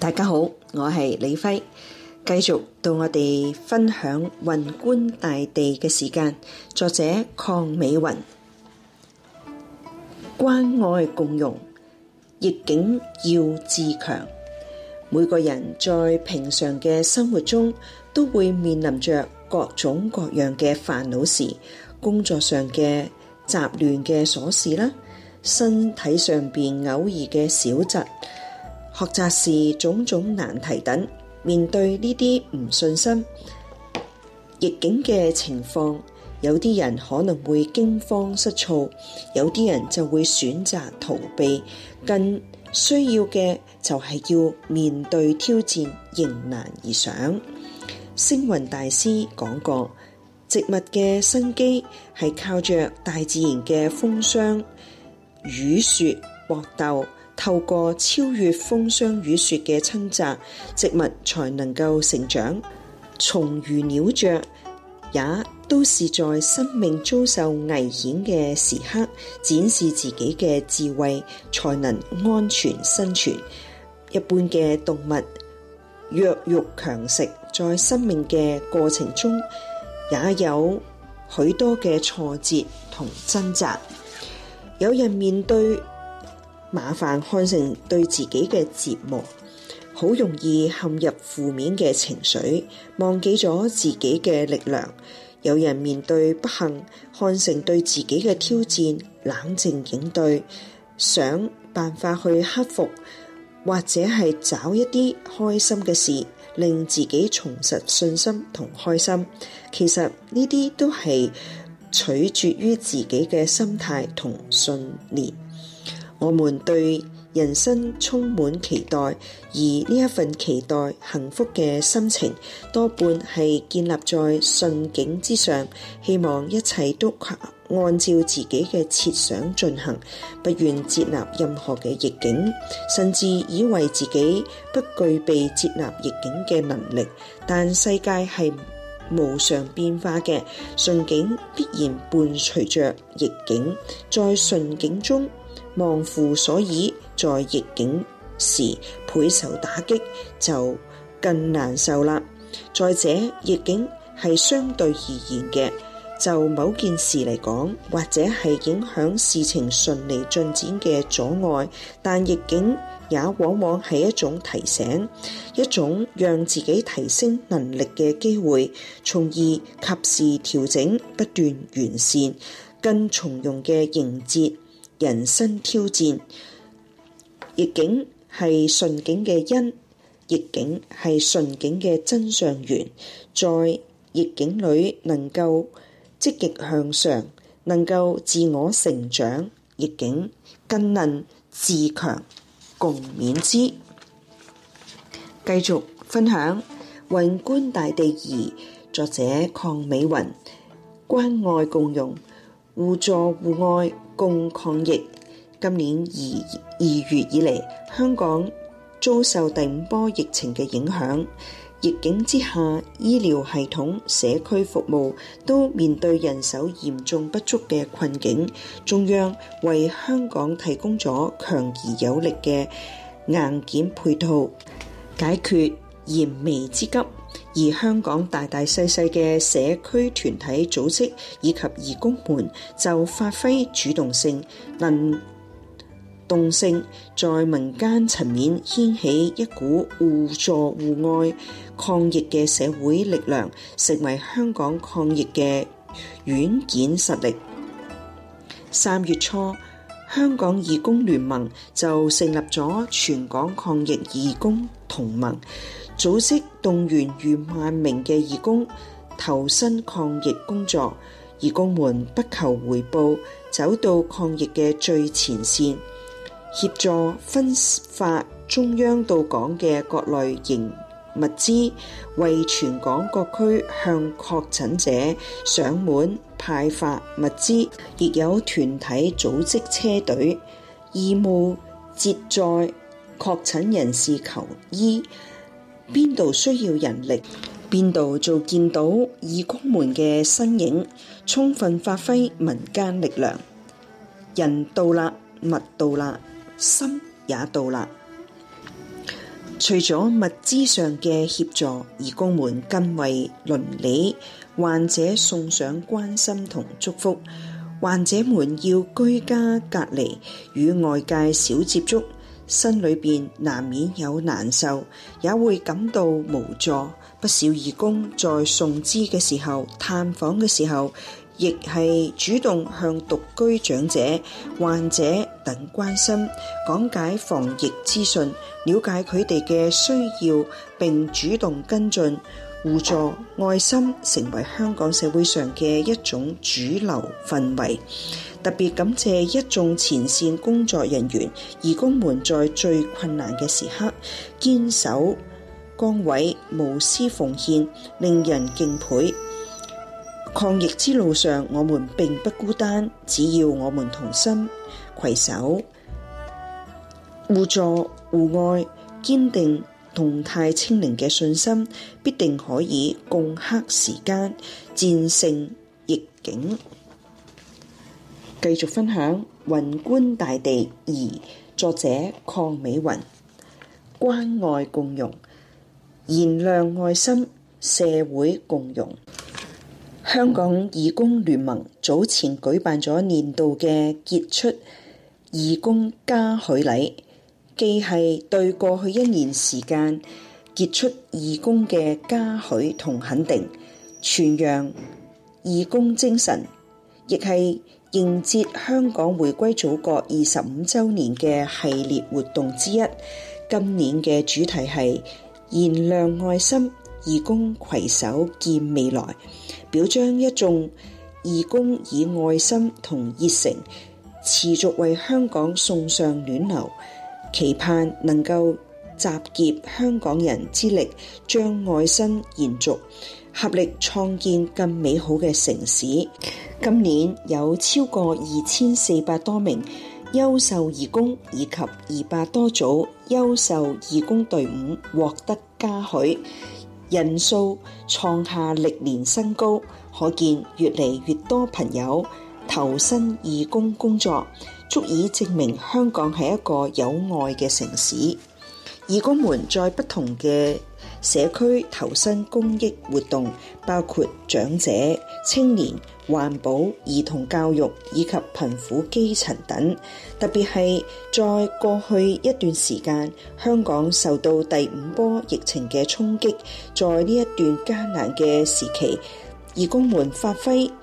大家好，我係李輝，繼續到我哋分享雲觀大地嘅時間。作者鄺美雲，關愛共融，逆境要自強。每個人在平常嘅生活中都會面臨着各種各樣嘅煩惱事，工作上嘅雜亂嘅瑣事啦，身體上邊偶爾嘅小疾。學習時種種難題等，面對呢啲唔信心逆境嘅情況，有啲人可能會驚慌失措，有啲人就會選擇逃避。更需要嘅就係要面對挑戰，迎難而上。星雲大師講過，植物嘅生機係靠着大自然嘅風霜雨雪搏鬥。透過超越風霜雨雪嘅侵襲，植物才能夠成長；蟲魚鳥雀也都是在生命遭受危險嘅時刻，展示自己嘅智慧，才能安全生存。一般嘅動物，弱肉強食，在生命嘅過程中，也有許多嘅挫折同掙扎。有人面對。麻煩看成對自己嘅折磨，好容易陷入負面嘅情緒，忘記咗自己嘅力量。有人面對不幸，看成對自己嘅挑戰，冷靜應對，想辦法去克服，或者係找一啲開心嘅事，令自己重拾信心同開心。其實呢啲都係取決於自己嘅心態同信念。我們對人生充滿期待，而呢一份期待幸福嘅心情，多半係建立在順境之上，希望一切都按照自己嘅設想進行，不願接納任何嘅逆境，甚至以為自己不具備接納逆境嘅能力。但世界係無常變化嘅，順境必然伴隨着逆境，在順境中，忘乎所以，在逆境時倍受打擊就更難受啦。再者，逆境係相對而言嘅，就某件事嚟講，或者係影響事情順利進展嘅阻礙。但逆境也往往係一種提醒，一種讓自己提升能力嘅機會，從而及時調整，不斷完善，更從容嘅迎接。人生挑戰逆境係順境嘅因，逆境係順境嘅真相源。在逆境裏，能夠積極向上，能夠自我成長，逆境更能自強共勉之。繼續分享《雲觀大地四》，作者鄺美雲，關愛共融，互助互愛。共抗疫，今年二二月以嚟，香港遭受第五波疫情嘅影響。逆境之下，醫療系統、社區服務都面對人手嚴重不足嘅困境。中央為香港提供咗強而有力嘅硬件配套，解決燃眉之急。而香港大大細細嘅社區團體組織以及義工們就發揮主動性、能動性，在民間層面掀起一股互助互愛抗疫嘅社會力量，成為香港抗疫嘅軟件實力。三月初，香港義工聯盟就成立咗全港抗疫義工同盟。組織動員逾萬名嘅義工投身抗疫工作，義工們不求回報，走到抗疫嘅最前線，協助分發中央到港嘅各類型物資，為全港各區向確診者上門派發物資。亦有團體組織車隊，義務接載確診人士求醫。邊度需要人力，邊度就見到義工們嘅身影，充分發揮民間力量。人到啦，物到啦，心也到啦。除咗物資上嘅協助，義工們更為鄰里患者送上關心同祝福。患者們要居家隔離，與外界少接觸。心裏邊難免有難受，也會感到無助。不少義工在送資嘅時候，探訪嘅時候，亦係主動向獨居長者、患者等關心，講解防疫資訊，了解佢哋嘅需要，並主動跟進。互助愛心成為香港社會上嘅一種主流氛圍，特別感謝一眾前線工作人員、義工們在最困難嘅時刻堅守崗位、無私奉獻，令人敬佩。抗疫之路上，我們並不孤單，只要我們同心攜手互助互愛，堅定動態清零嘅信心，必定可以共克時艱，戰勝逆境。繼續分享《雲觀大地二》，作者鄺美雲。關愛共融，燃亮愛心，社會共融。香港義工聯盟早前舉辦咗年度嘅傑出義工嘉許禮。既係對過去一年時間傑出義工嘅嘉許同肯定，傳揚義工精神，亦係迎接香港回歸祖國二十五周年嘅系列活動之一。今年嘅主題係燃亮愛心，義工攜手建未來，表彰一眾義工以愛心同熱誠持續為香港送上暖流。期盼能夠集結香港人之力，將愛心延續，合力創建更美好嘅城市。今年有超過二千四百多名優秀義工以及二百多組優秀義工隊伍獲得嘉許，人數創下歷年新高，可見越嚟越多朋友投身義工工作。足以證明香港係一個有愛嘅城市。義工們在不同嘅社區投身公益活動，包括長者、青年、環保、兒童教育以及貧苦基層等。特別係在過去一段時間，香港受到第五波疫情嘅衝擊。在呢一段艱難嘅時期，義工們發揮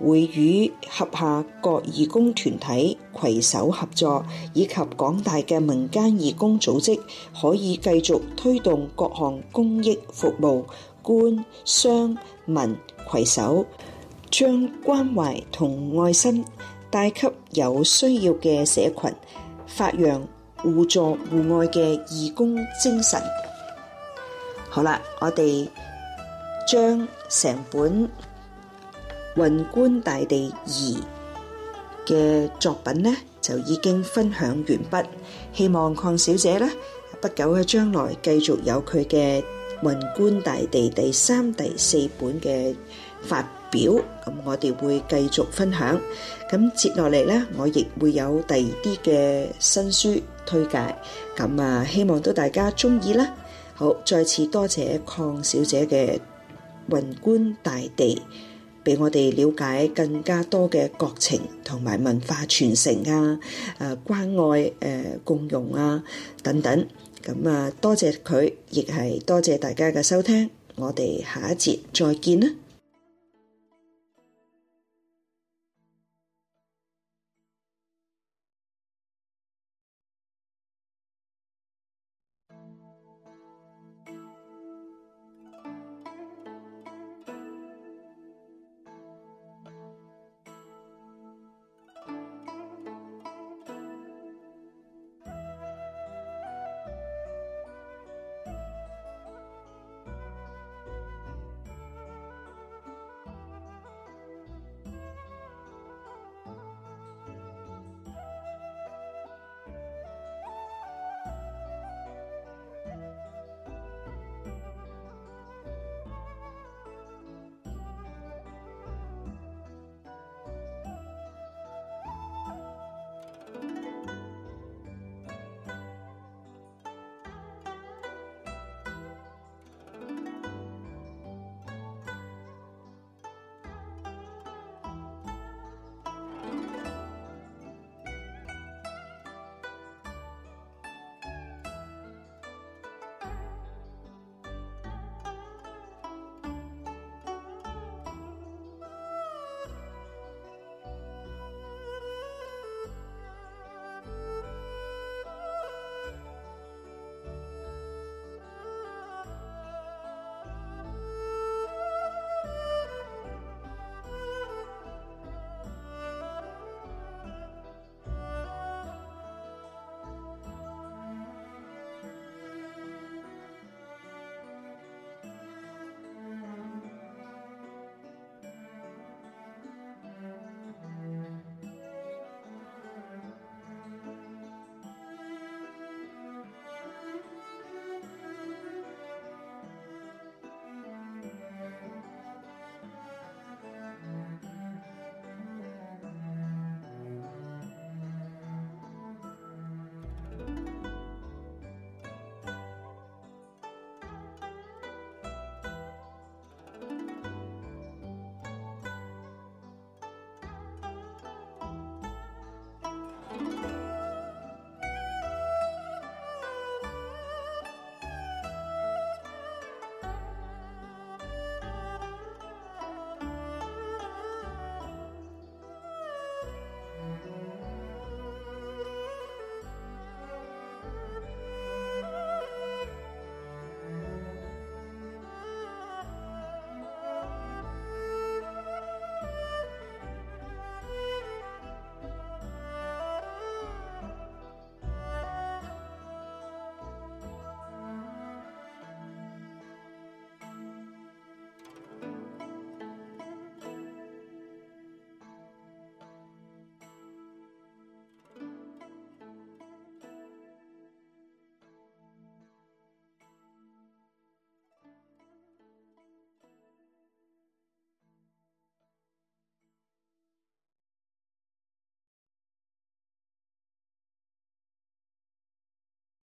會與轄下各義工團體攜手合作，以及廣大嘅民間義工組織，可以繼續推動各項公益服務，官、商、民攜手，將關懷同愛心帶給有需要嘅社群，發揚互助互愛嘅義工精神。好啦，我哋將成本。《雲觀大地二》嘅作品咧，就已經分享完畢。希望鄺小姐咧，不久嘅將來繼續有佢嘅《雲觀大地》第三、第四本嘅發表。咁我哋會繼續分享。咁接落嚟咧，我亦會有第二啲嘅新書推介。咁啊，希望都大家中意啦。好，再次多謝鄺小姐嘅《雲觀大地》。俾我哋了解更加多嘅國情同埋文化傳承啊，誒關愛誒、呃、共融啊等等，咁啊多謝佢，亦係多謝大家嘅收聽，我哋下一節再見啦。